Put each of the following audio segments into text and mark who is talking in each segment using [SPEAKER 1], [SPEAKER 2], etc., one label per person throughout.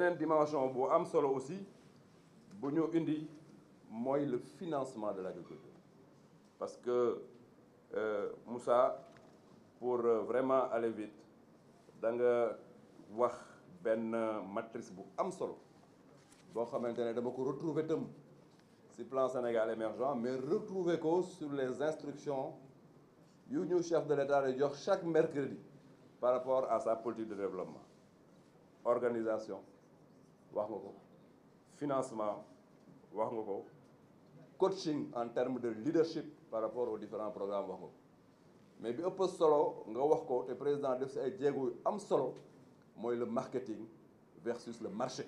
[SPEAKER 1] beneen dimension bu am solo aussi bu ñu indi mooy le financement de la l'agriculture parce que euh, Moussa pour euh, vraiment aller vite da nga wax benn euh, matrice bu am solo boo xamante ne dama ko retrouver tam ci plan Sénégal émergent mais retrouver ko sur les instructions yu ñu chef de l'État di jox chaque mercredi par rapport à sa politique de développement organisation wax nga ko financement wax nga ko coaching en terme de leadership par rapport au différents programmes wax nga ko mais bi ëpp solo nga wax ko te président def si ay jéego am solo mooy le marketing versus le marché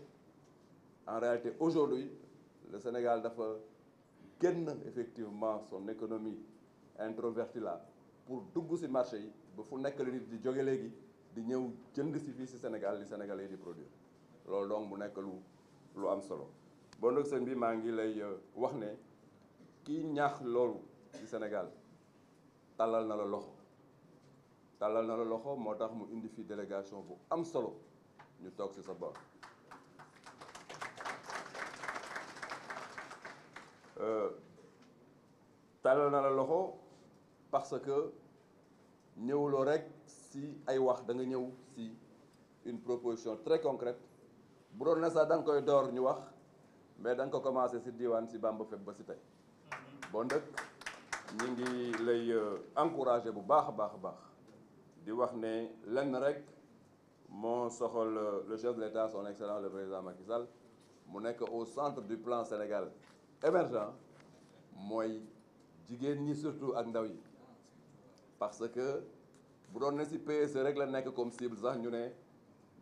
[SPEAKER 1] en réalité aujourd'hui le Sénégal dafa génn effectivement son économie introvertie là pour dugg si marché yi ba fu nekk la nit di jóge léegi di ñëw jënd si fii si Sénégal li Sénégalais di produire loolu donc mu nekk lu lu am solo bon donc sëñ bi maa ngi lay euh, wax ne kii ñaax loolu ci Sénégal tàllal na la loxo tàllal na la loxo moo tax mu indi fi délégation bu am solo ñu toog si sa bor euh, tàllal na la loxo parce que ñëwuloo rek ci ay wax danga ñëw si une proposition très concrète bu doon na sax da nga koy door ñu wax mais danga ko commencé si diwaan si Bamba fépp ba si tey bon nag ñu ngi lay euh, encouragé bu baax a baax a baax di wax ne lenn rek moo soxal euh, le chef de l'État son excellence le président Macky Sall mu nekk au centre du plan Sénégal émergent mooy jigéen ñi surtout ak ndaw yi parce que bu doon ne si PSE rek la nekk comme cible sax ñu ne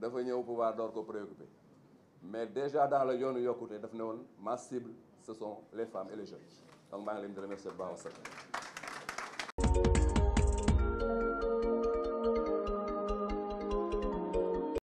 [SPEAKER 1] dafa ñëw pouvoir door ko préoccuper mais déjà dans le yoonu yokkute daf ne woon ma cible ce sont les femmes et les jeunes donc maa ngi leen di remercier bu baax